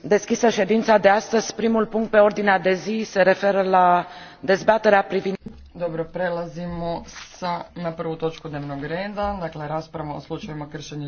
deschisă ședința de astăzi primul punct pe ordinea de zi se referă la dezbaterea privind dobro, prelazimo sa, na prvu točku dnevnog reda, dakle rasprava o slučajima kršenja